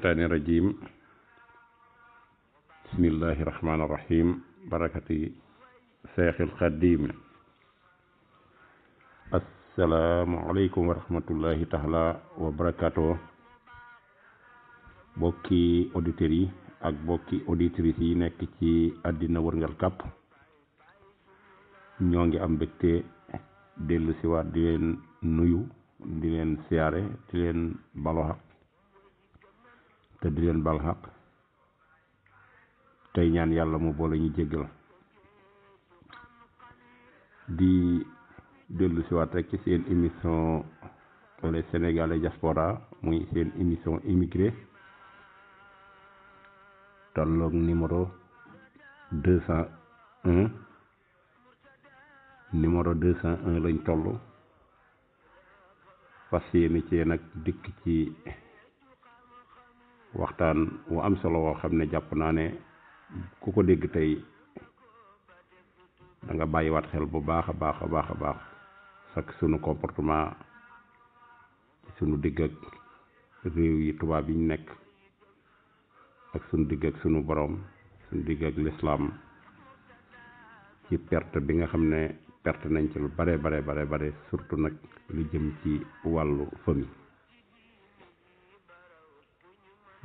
sheytaani rajiim bismillaahi rahmaani rahiim barakati seexil xadiim assalaamu aleykum wa rahmatullahi taala bokki auditeurs yi ak bokki auditrices yi nekk ci àddina wërngal kàpp ñoo ngi am mbégte dellu siwaat di leen nuyu di leen siyaare di leen baloxaq te di leen bal tey ñaan yàlla mu boole ñu jéggal di dellu siwaat rek ci seen émission les sénégalais diaspora muy seen émission immigré tolloog numéro deux cent un numéro deux cent un lañ toll fas yéene ci nag dikk ci waxtaan wu am solo woo xam ne jàpp naa ne ku ko dégg tey danga nga bàyyiwaat xel bu baax a baax a baax a baax sak sunu comportement sunu digg ak réew yi tubaab yi ñu nekk ak sunu digg ak sunu boroom sunu digg ak lislaam ci perte bi nga xam ne perte nañ ci lu bare bare bare bare surtout nag lu jëm ci wàllu famille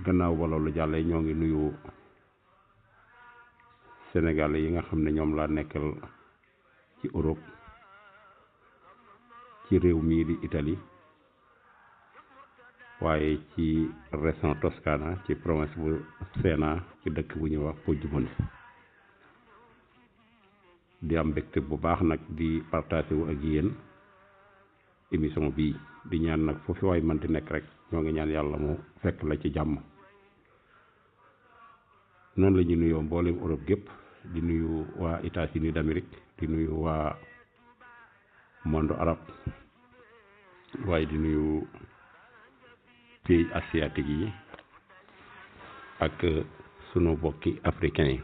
gannaaw ba loolu jàllee ñoo ngi nuyu Sénégalais yi nga xam ne ñoom laa nekkal ci Europe ci réew mii di Italie waaye ci région Toscana ci province bu Siena ci dëkk bu ñuy wax Puggione di am mbégte bu baax nag di partagé wu ak yéen émission bii di ñaan nag foofu waay mënti nekk rek ñoo ngi ñaan yàlla mu fekk la ci jàmm noonu la ñu nuyoo mboolem Europe gépp di nuyu waa États-Unis d'Amérique di nuyu waa monde arabe waaye di nuyu pays asiatique yi ak sunu bokki africain yi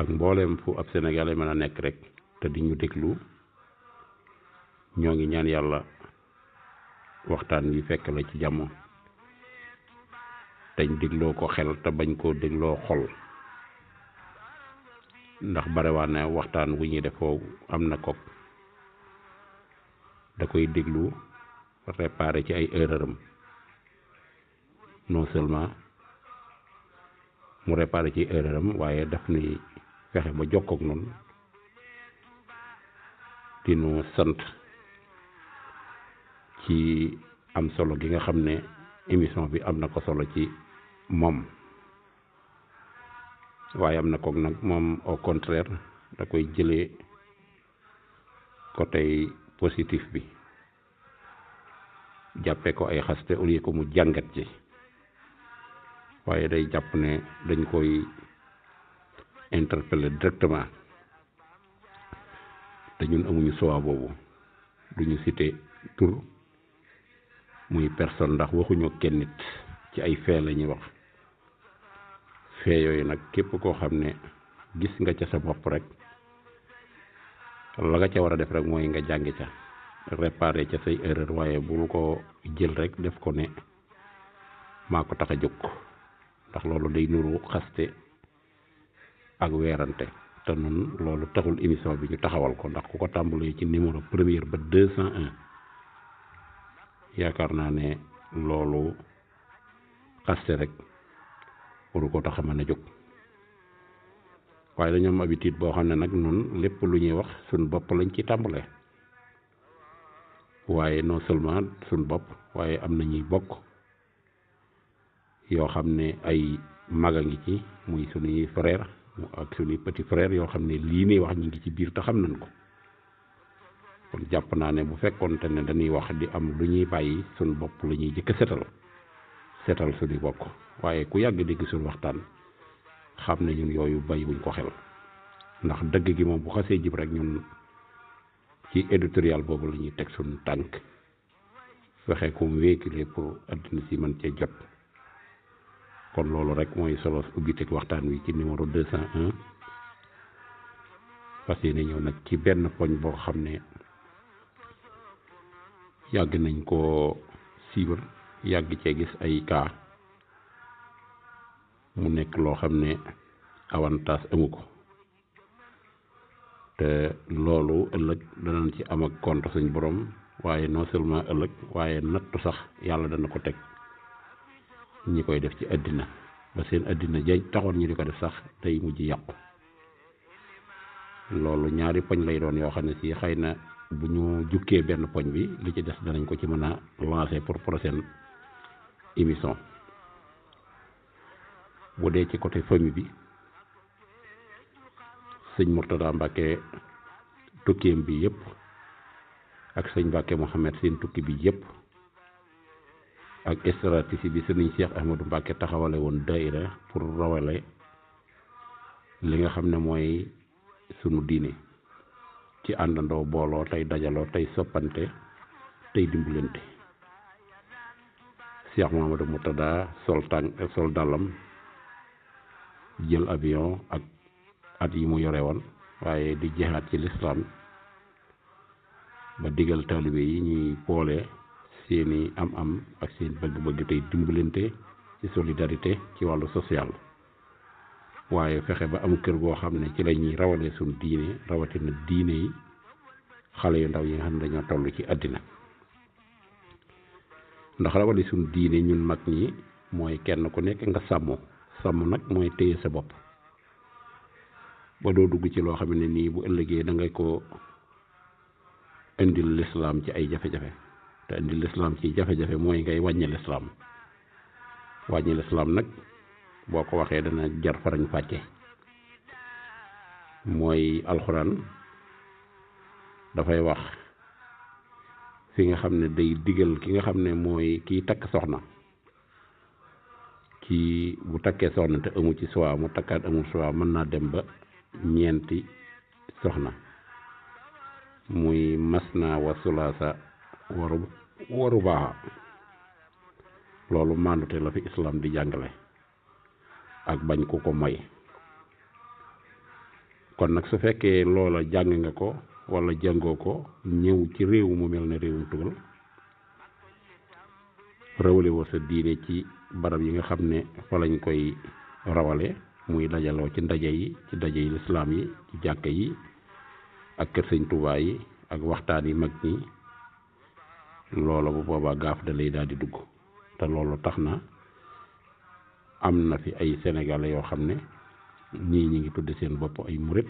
ak mboolem fu ab sénégalais mën a nekk rek te di ñu déglu ñoo ngi ñaan yàlla waxtaan wi fekk la ci jàmm dañ dégloo ko xel te bañ koo dégloo xol ndax barewaan na waxtaan wu ñuy defoo am na kopp da koy déglu réparé ci ay erreur am seulement mu réparé ci erreur waaye daf ni fexe ba jokkook noonu di nu sant ci am solo gi nga xam ne émission bi am na ko solo ci moom waaye am na kook nag moom au contraire da koy jëlee côté positif bi jàppee ko ay xaste au lieu ko mu jàngat ci waaye day jàpp ne dañ koy interpeller directement te ñun amuñu choix boobu duñu citer tur muy personne ndax waxuñoo kenn nit ci ay fee la ñuy wax fee yooyu nag képp koo xam ne gis nga ca sa bopp rek la nga ca war a def rek mooy nga jàngi ca réparé ca say erreur waaye bul ko jël rek def ko ne maa ko tax a jóg ndax loolu day nuru xaste ak weerante te noonu loolu taxul émission bi ñu taxawal ko ndax ku ko tàmbalee ci numéro première ba deux cent un yaakaar naa ne loolu xaste rek waru ko tax a mën a jóg waaye dañoo am habitude boo xam ne nag nun lépp lu ñuy wax sunu bopp lañ ci tàmbalee waaye non seulement suñ bopp waaye am na ñuy bokk yoo xam ne ay mag a ngi ci muy suñuy mu ak suñuy petit frère yoo xam ne lii nii wax ñi ngi ci biir te xam nañ ko kon jàpp naa ne bu fekkoonte ne dañuy wax di am lu ñuy bàyyi suñu bopp la ñuy jëkk setal setal suñu bokk waaye ku yàgg dégg suñu waxtaan xam ne ñun yooyu buñ ko xel ndax dëgg gi moom bu xasee jib rek ñun ci éditorial boobu la ñuy teg suñu tànk fexe ko mu véhiculer pour àddina si mën cee jot kon loolu rek mooy solos ubbiteg waxtaan wi ci numéro 201 parce que ne ñëw nag ci benn poñ boo xam ne yàgg nañ koo siiwal yàgg cee gis ay kaa mu nekk loo xam ne avantage amu ko te loolu ëllëg dana ci am ak kont suñ boroom waaye non ëllëg waaye nattu sax yàlla dana ko teg ñi koy def ci àddina ba seen àddina jaay taxoon ñu di ko def sax tey mujj yàqu loolu ñaari poñ lay doon yoo xam ne si xëy na bu ñu jukkee benn poñ bi li ci des danañ ko ci mën a lancer pour prochaine émission bu dee ci côté famille bi sëñ Mourtada Mbacke tukkeem bi yëpp ak sëñ Mbacke Mouhamed seen tukki bi yëpp ak stratégie bi sëriñ Cheikh Ahmadou Mbacke taxawale woon daayira pour rawale li nga xam ne mooy sunu diine. ci àndandoo booloo tey dajaloo tey soppante tey dimbalante Cheikh Mamadou Moutada sol tànk sol dàllam jël avion ak at yi mu yore woon waaye di jeexaat ci lislaam ba digal taalibe yi ñuy boole seeni am am ak seen bëgg-bëgg tey dimbalante ci solidarité ci wàllu social waaye fexe ba am kër boo xam ne ci la ñuy rawalee suñu diine rawatina diine yi xale yu ndaw yi nga xam ne dañoo toll ci àddina ndax rawale suñu diine ñun mag ñi mooy kenn ku nekk nga sàmmo sàmm nag mooy téye sa bopp ba doo dugg ci loo xam ne nii bu ëllëgee da ko indil lislaam ci ay jafe-jafe te indil lislaam ci jafe-jafe mooy ngay wàññi lislaam wàññi lislaam nag boo ko waxee dana jar farañ fàcce mooy alxuraan dafay wax fi nga xam ne day digal ki nga xam ne mooy kiy takk soxna kii bu takkee soxna te amu ci choix mu takkaat amul choix mën naa dem ba ñeenti soxna muy masna wa sulaasa waru waru baaxa loolu maandute la fi islam di jàngale ak bañ ku ko moy kon nag su fekkee loola jàng nga ko wala jàngoo ko ñëw ci réew mu mel na réewum tugal rawale woo sa diine ci barab yi nga xam ne fa koy rawale muy dajaloo ci ndaje yi ci ndaje yi lislaam yi ci jàkka yi ak kër sëñ Tuubaa yi ak waxtaan yi mag ñi loola bu boobaa gaaf da lay daal dugg te loolu tax na am na fi ay sénégalais yoo xam ne ñii ñi ngi tudd seen bopp ay murit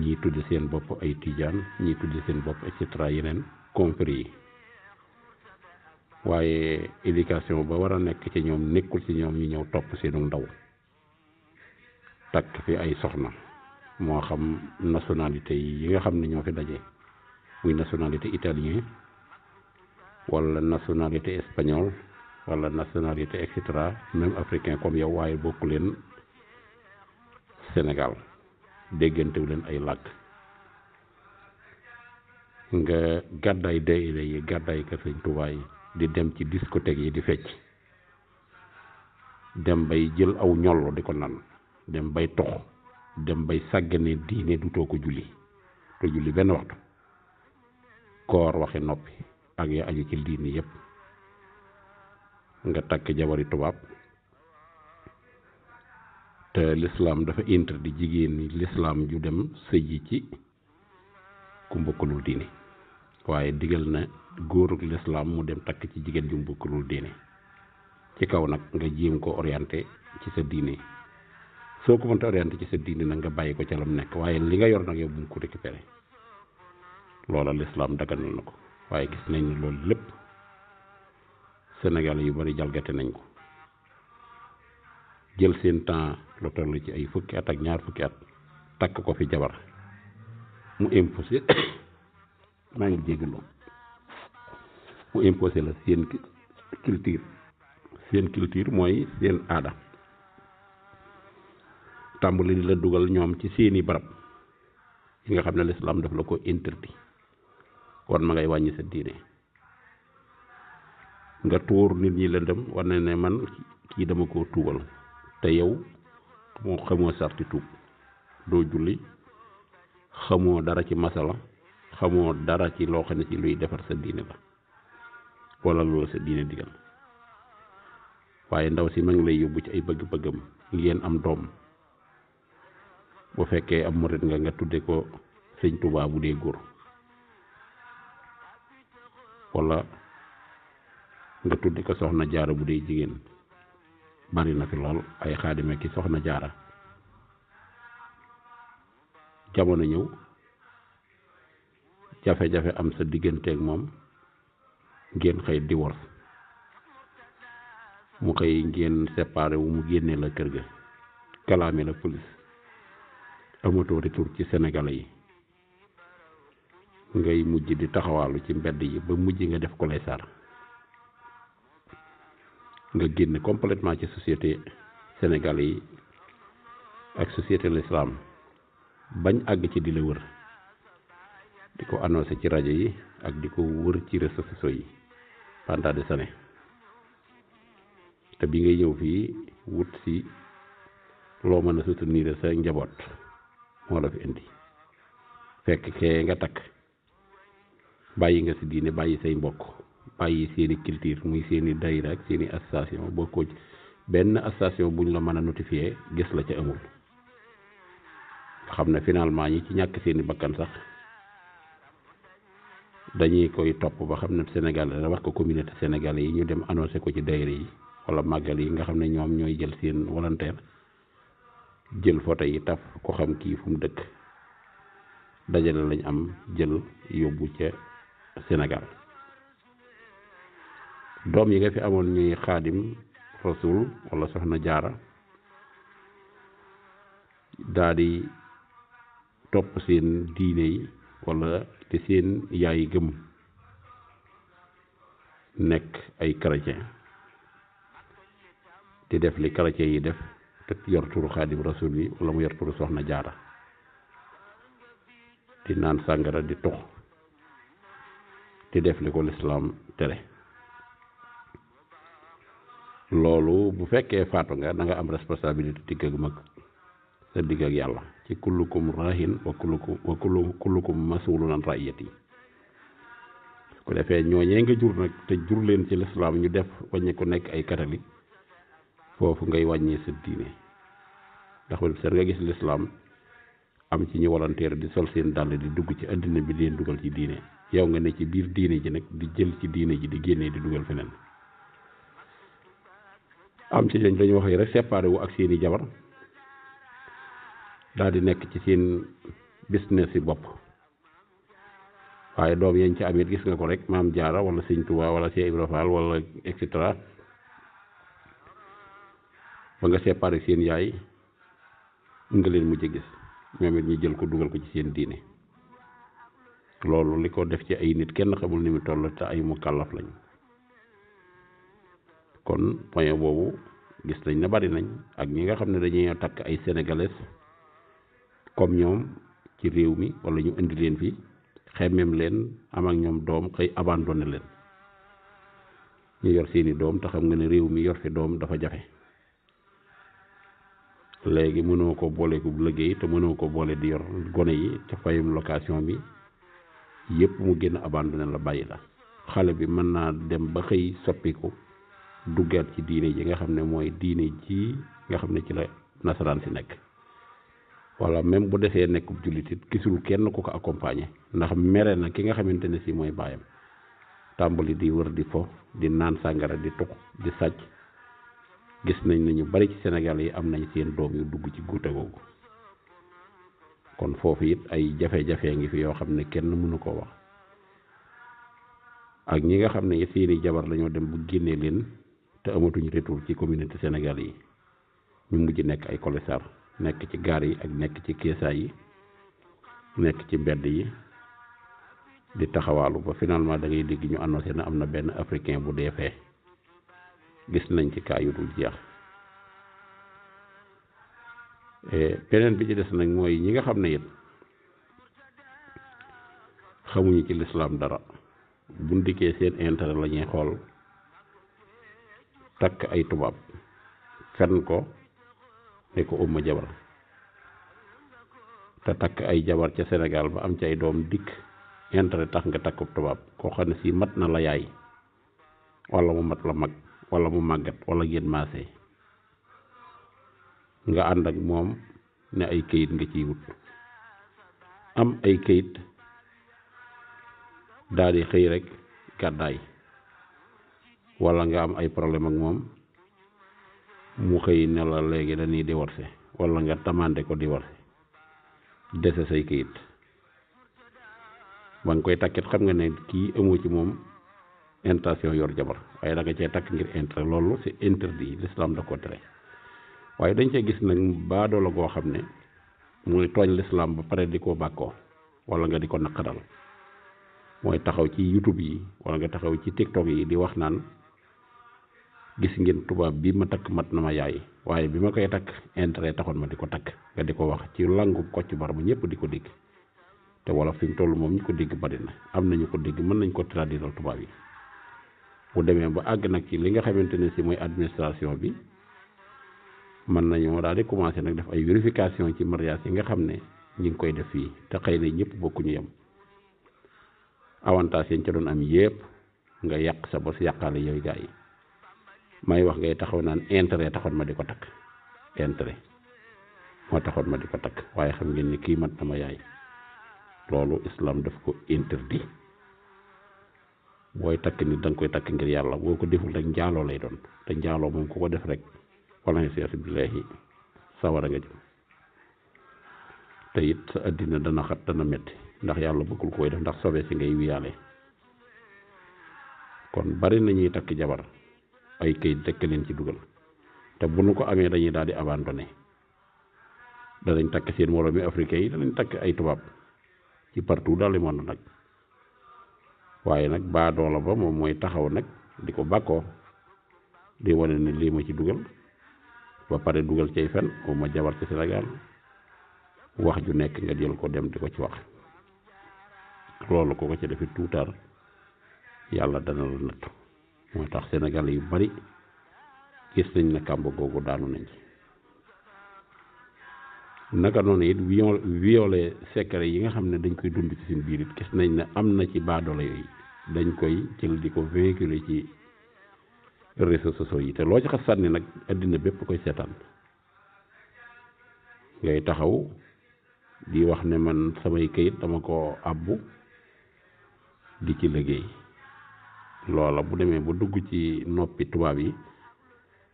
ñii tudd seen bopp ay tijaan ñii tudd seen bopp et cetera yeneen confréries yi waaye éducation ba war a nekk ci ñoom nekkul ci ñoom ñu ñëw topp seenu ndaw takk fi ay soxna moo xam nationalité yi nga xam ne ñoo fi daje muy nationalité italien wala nationalité espagnole wala nationalité et cetera même africain comme yow waaye bokku leen Sénégal déggantewu ay làkk nga gàddaay daayira yi gàddaay ka sëñ Tuubaa di dem ci discothèque yi di fecc dem bay jël aw ñolo di ko nan dem bay tox dem bay sàggane diine dutoo ko julli te julli benn waxtu koor waxi noppi ak ya aju ci diine yépp nga takk jabari tubaab te l'islam dafa interdit jigéen ñi l'islam ju dem ji ci ku mbokkalul diine waaye digal na góorug l'islam mu dem takk ci jigéen ju mbokkalul diine ci kaw nag nga jéem ko orienté ci sa diine soo ko mënta orienté ci sa diine nag nga bàyyi ko ca lam nekk waaye li nga yor nag yow bu mu ko récupéré loola l'islam daganal na ko waaye gis nañ ne loolu lépp Sénégal yu bari jalgate nañ ko jël seen temps lu toll ci ay fukki at ak ñaar fukki at takk ko fi jabar mu imposé maa ngi jégalu mu imposé la seen culture seen culture mooy seen aada tàmbali di la dugal ñoom ci seeni barab yi nga xam ne lislaam daf la ko interdit kon ma ngay wàññi sa diine nga tuur nit ñi lëndëm war na ne man kii dama koo tuubal te yow moo xamoo sarti tuub doo julli xamoo dara ci masala xamoo dara ci loo xam ne ci luy defar sa diine la wala loolu sa diine digal waaye ndaw si ma ngi lay yóbbu ci ay bëgg-bëggam ngeen am doom bu fekkee am murit nga nga tudde ko sëñ Tuubaa bu dee góor wala nga tudde ko soxna jaara bu dee jigéen bari na fi lool ay xaadime ki soxna jaara jamono ñëw jafe-jafe am sa digganteeg moom ngeen xëy divorce mu xëy ngeen séparé wu mu génnee la kër ga kalaame la police amatoo retour ci sénégalais yi ngay mujj di taxawaalu ci mbedd yi ba mujj nga def ko lay sar nga génn complètement ci société Sénégal yi ak société l'islam bañ àgg ci di la wër di ko annoncé ci rajo yi ak di ko wër ci réseaux sociaux yi pendant des années te bi ngay ñëw fii wut si loo mën a soutenir sa njaboot moo la fi indi fekk kee nga takk bàyyi nga si diine bàyyi say mbokk bàyyi seen culture muy seen i dayra ak seen i association bokkoo ci benn association bu ñu la mën a notifié gis la ca amul xam ne finalement ñi ci ñàkk seeni i bakkan sax dañuy koy topp ba xam ne Sénégal dana wax ko communauté sénégalais yi ñu dem annoncé ko ci dayra yi wala màggal yi nga xam ne ñoom ñooy jël seen volontaire jël photo yi taf ko xam kii fu mu dëkk dajale lañ am jël yóbbu ca Sénégal doom yi nga fi amoon ñuy xaadim rasul wala soxna jaara daadi di topp seen diine yi wala di seen yaay gëm nekk ay chrétien di def li chrétien yi def te yor xaadim rasul yi wala mu yor turu soxna jaara di naan sàngara di tux di def li ko lislaam tere loolu bu fekkee faatu nga da am responsabilité digg ak mag sa digg ak yàlla ci kullukum rahin wa kullukum wa kullukum masulun an raiyati ku defee ñooñee nga jur nag te jur leen ci lislaam ñu def wàññi ku nekk ay catholique foofu ngay wàññee sa diine ndax wala seet nga gis lislaam am ci ñu volontaire di sol seen dàll di dugg ci àddina bi leen dugal ci diine yow nga ne ci biir diine ji nag di jël ci diine ji di génnee di dugal feneen am ci lañ lañu wax rek séparé wu ak seeni jabar daal di nekk ci seen business yi bopp waaye doom yañ ci amit gis nga ko rek maam jaara wala sëñ Tuubaa wala Cheikh Ibra Fall wala et cetera nga séparé seen yaay nga leen mujj gis ñoom it ñu jël ko dugal ko ci seen diine loolu li ko def ci ay nit kenn xamul ni mu toll te ay mukallaf lañu kon point boobu gis nañ ne bari nañ ak ñi nga xam ne dañuy takk ay sénégalais comme ñoom ci réew mi wala ñu indi leen fi xemmeem leen am ak ñoom doom xëy abandonné leen ñu yor seeni doom te xam nga ne réew mi yor fi doom dafa jafe léegi mënoo ko boole ku liggéey te mënoo ko boole di yor gone yi ca fayum location bi yépp mu génn abandonné la bàyyi la xale bi mën naa dem ba xëy soppiku duggaat ci diine ji nga xam ne mooy diine ji nga xam ne ci la nasaraan si nekk wala même bu desee nekk jullit it gisul kenn ku ko accompagner ndax mere na ki nga xamante ne si mooy baayam tàmbali di wër di fo di naan sàngara di tux di sàcc gis nañ ne ñu bari ci senegal yi am nañ seen doom yu dugg ci guute googu kon foofu it ay jafe-jafe ngi fi yoo xam ne kenn mënu ko wax ak ñi nga xam ne seeni jabar lañoo dem bu génnee leen te amatuñ retour ci communauté Sénégal yi ñu mujj nekk ay collecteurs nekk ci gaar yi ak nekk ci keesaay yi nekk ci mbedd yi di taxawaalu ba finalement da ngay dégg ñu annoncé na am na benn africain bu dee gis nañ ci kaa yu dul jeex beneen bi ci des nag mooy ñi nga xam ne it xamuñu ci lislaam dara bu dikkee seen intérêt la ñuy xool. takk ay tubaab fen ko ne ko umma jabar te takk ay jabar ca senegaal ba am ci ay doom dikk intérêt tax nga takk tubaab koo xam ne si mat na la yaay walla mu mat la mag walla mu màggat walla ngeen maase nga ànd ak moom ne ay kayit nga ciy wut am ay kayit daal di xëy rekk gàddaay wala nga am ay problème ak moom mu xëy ne la léegi dañuy divorcé wala nga tamaande ko divorcé dese say kayit ba nga koy takkit xam nga ne kii amoo ci moom intention yor jabar waaye da nga cee takk ngir intérêt loolu c'est interdit l'islam da ko tere waaye dañ cee gis nag baadoo la goo xam ne muy tooñ l'islam ba pare di ko bàkkoo wala nga di ko naqaral mooy taxaw ci YouTube yi wala nga taxaw ci TikTok yi di wax naan gis ngeen tubaab bi ma takk mat na ma yaay waaye bi ma koy takk intérêt taxoon ma di ko takk nga di ko wax ci langu Kocc Barma ñëpp di ko dégg te wala fi mu toll moom ñu ko dégg bari na am nañu ko dégg mën nañ ko traduire tubaab yi bu demee ba àgg nag ci li nga xamante ne si mooy administration bi mën nañoo daal di commencé nag def ay vérification ci mariage yi nga xam ne ñu ngi koy def fii te xëy na ñëpp bokkuñu yem avantage yañ ca doon am yépp nga yàq sa bos yàqaale yooyu gaa yi. may wax ngay taxaw naan intere taxoon ma di ko takk intérêt moo taxoon ma di ko takk waaye xam ngeen ni kii mat na ma yaay loolu islam daf ko interdit booy takk nit da koy takk ngir yàlla boo ko deful rek njaaloo lay doon te njaaloo moom ku ko def rek wala seesi billahi sawara nga jëm te it sa àddina dana xat dana metti ndax yàlla bëggul koy def ndax sobe si ngay wiyaale kon bari nañuy takk jabar ay këyit rekk leen ci dugal te bu nu ko amee dañuy daal di abandonné danañ takk seen moroomi africain yi danañ takk ay tubaab ci partout dans le monde nag waaye nag baadoola ba moom mooy taxaw nag di ko bàkkoo di wane ne lii ma ci dugal ba pare dugal cay fen oo ma jabar ci Sénégal wax ju nekk nga jël ko dem di ko ci wax loolu ko ko ci defit tuutaar yàlla dana la nattu moo tax Sénégal yu bari gis nañ ne kàmb googu daanu nañ ci naka noonu it viol violé yi nga xam ne dañ koy dund ci seen biir it gis nañ ne am na ci baadoole yooyu dañ koy jël di ko véhiculer ci réseaux sociaux yi te loo ci xas sànni nag àddina bépp koy seetaan ngay taxaw di wax ne man samay kayit dama ko àbbu di ci liggéey loola bu demee ba dugg ci noppi tubaab yi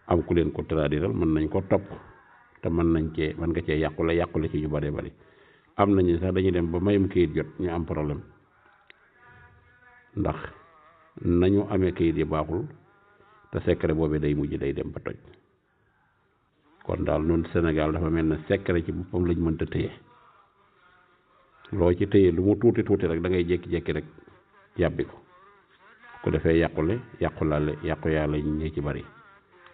am ku leen ko traduiral mën nañ ko topp te mën nañ cee mën nga cee yàqule yàqule ci ñu bëree bëri am nañu sax dañuy dem ba mayum kayit jot ñu am problème ndax nañu amee kayit yi baaxul te secret boobee day mujj day dem ba toj kon daal noonu Sénégal dafa mel ne secret ci boppam lañ mënta téye loo ci téye lu mu tuuti tuuti rek da ngay jékki-jékki rek yàbbi ko ko defee yàqule yàqulaale yàqu yàlla yi ñu ci bari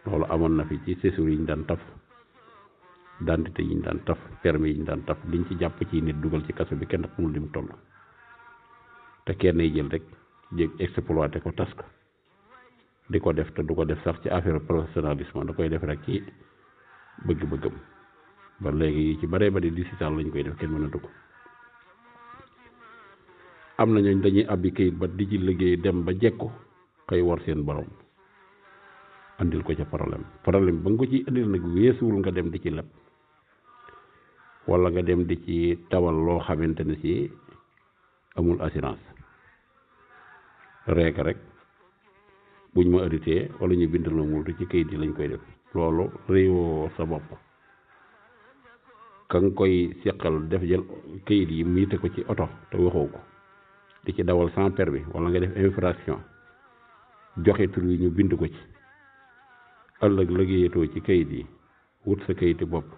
loolu amoon na fi ci sésour yi ñu daan taf dantité yi ñu daan taf permis yi ñu daan taf liñ ci jàpp ci nit dugal ci kaso bi kenn xamul lim toll te kenn yi jël rek jéeg exploité ko tas ko di ko def te du ko def sax ci affaire professionnalisme da koy def rek ci bëgg-bëggam ba léegi ci baree bari di si lañ koy def kenn mënatu ko am na ñooñ dañuy àbbi kayit ba di ci liggéey dem ba jekku xëy war seen borom andil ko ca problème problème ba nga ko ci andil nag weesuwul nga dem di ci leb walla nga dem di ci tawal loo xamante ne si amul assurance reeka rek buñ ma arrêté wala ñu bind ma multu ci kayit yi lañ koy def loolu réewoo sa bopp ka nga koy seqal def jël kayit yi mu yite ko ci oto te waxoo ko di ci dawal sans bi wala nga def infraction joxe tur yi ñu bind ko ci ëllëg liggéeyatoo ci kayit yi wut sa kayiti bopp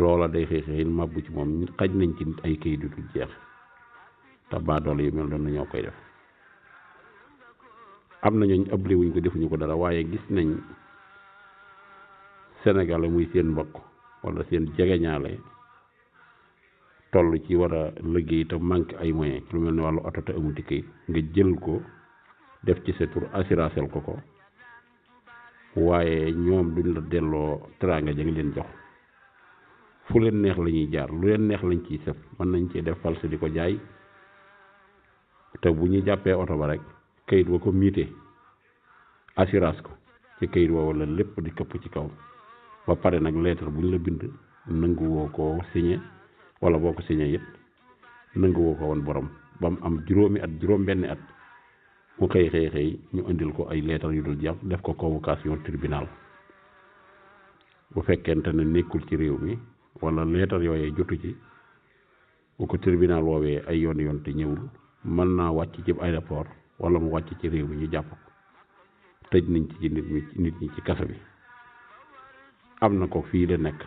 loola day xëy xëy màbbu ci moom xaj nañ ci ay kayit yu dul jeex te baadoolo yi mel noonu ñoo koy def am na ñooñ ëble wuñ ko defuñu ko dara waaye gis nañ Sénégal muy seen mbokk wala seen jegeñaale toll ci war a liggéey te manque ay moyens ci lu mel ni wàllu oto te amuti kayit nga jël ko def ci sa tur assuracel ko ko waaye ñoom duñ la delloo teraanga ja nga leen jox fu leen neex la ñuy jaar lu leen neex lañ ciy sëf mën nañ cee def false di ko jaay te bu ñu jàppee oto ba rek kayit wa ko miite assurance ko ci kayit woowu la lépp di këpp ci kaw ba pare nag lettre bu ñu la bind nangu woo koo signé wala boo ko signé it nanguwoo ko woon boroom ba mu am juróomi at juróom benni at mu xëy xëy xëy ñu indil ko ay leetar yu dul jàpp def ko convocation tribunal bu fekkente ne nekkul ci réew mi wala leetar yooyee jotu ci bu ko tribunal woowee ay yoon yoon te ñëwul mën naa wàcc ci aéroport wala mu wàcc ci réew mi ñu jàpp tëj nañ nit ñi nit ñi ci kaso bi am na ko fii la nekk.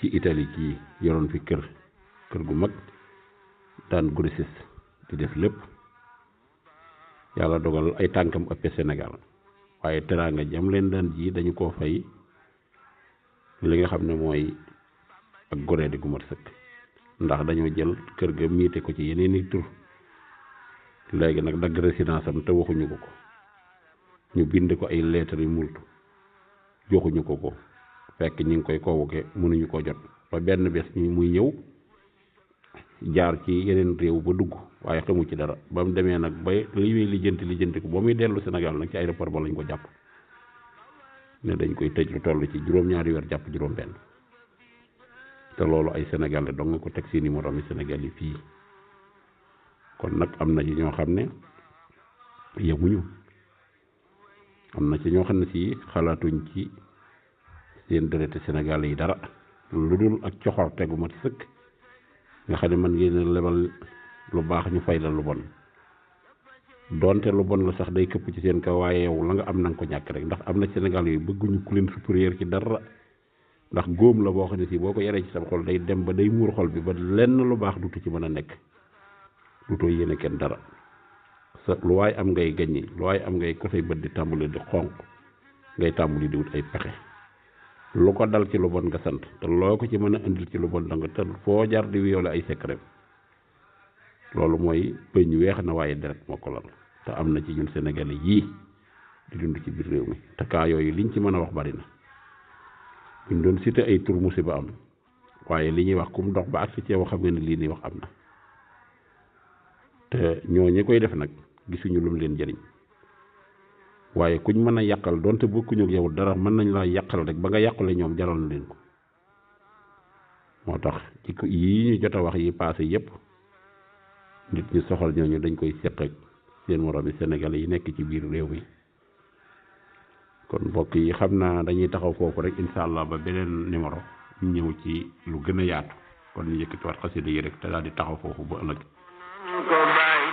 ci itali kii yoroon fi kër kër gu mag daan grossiste di def lépp yàlla dogal ay tànkam ëppee Sénégal waaye teraanga jam leen daan jii dañu ko fay li nga xam ne mooy ak goree di gu mat sëkk ndax dañoo jël kër ga miite ko ci yeneen i tur léegi nag dagg résidence te waxuñu ko ko ñu bind ko ay leetari yu joxuñu ko ko fekk ñi ngi koy convoqué mënuñu koo jot ba benn bés ñi muy ñëw jaar ci yeneen réew ba dugg waaye xamu ci dara ba mu demee nag ba li lijjanti lijjanti ko ba muy dellu Sénégal nag ci aéroport ba lañ ko jàpp ne dañ koy tëj lu toll ci juróom-ñaari weer jàpp juróom-benn te loolu ay sénégalais dong nga ko teg seen i moroomi senegal yi fii kon nag am na ñoo xam ne yemuñu am na ci ñoo xam ne si xalaatuñ ci. yéen dërëte Sénégal yi dara lu dul ak coxor tegu mat sëkk nga xam ne man ngeen lebal lu baax ñu fay la lu bon doonte lu bon la sax day këpp ci seen kaw waaye la nga am na ko ñàkk rek ndax am na Sénégal yooyu bëgguñu ku leen supérieur ci dara ndax góom la boo xam ne si boo ko yaree ci sa xol day dem ba day muur xol bi ba lenn lu baax dutu ci mën a nekk dutoo yéene kenn dara sa lu waay am ngay gaññi lu waaye am ngay ko say bët di tàmbali di xonq ngay tàmbali di wut ay pexe. lu ko dal ci lu bon nga sant te loo ko ci mën a indil ci lu bon danga te foo jar di wéewale ay secret loolu mooy pëñ weex na waaye deret moo ko lal te am na ci ñun senegale yii di dund ci biir réew mi te kaa yooyu liñ ci mën a wax bari na buñ doon cité ay tur musiba am waaye li ñuy wax kum dox ba ak si ceew xam nga ne lii nii wax am na te ñoo ñi koy def nag gisuñu lum leen jëriñ waaye kuñ mën a yàqal donte bokkuñu ak yow dara mën nañ laa yàqal rek ba nga yàqule ñoom jaral na leen ko moo tax jikko yii ñu jot a wax yi paase yépp nit ñu soxal ñooñu dañ koy seq ak seen bi sénégalais yi nekk ci biir réew mi kon mbokk yi xam naa dañuy taxaw foofu rek incha allah ba beneen numéro ñu ñëw ci lu gën a yaatu kon ñu yëkkati waat xasida yi rek te daal di taxaw foofu ba ëllëg.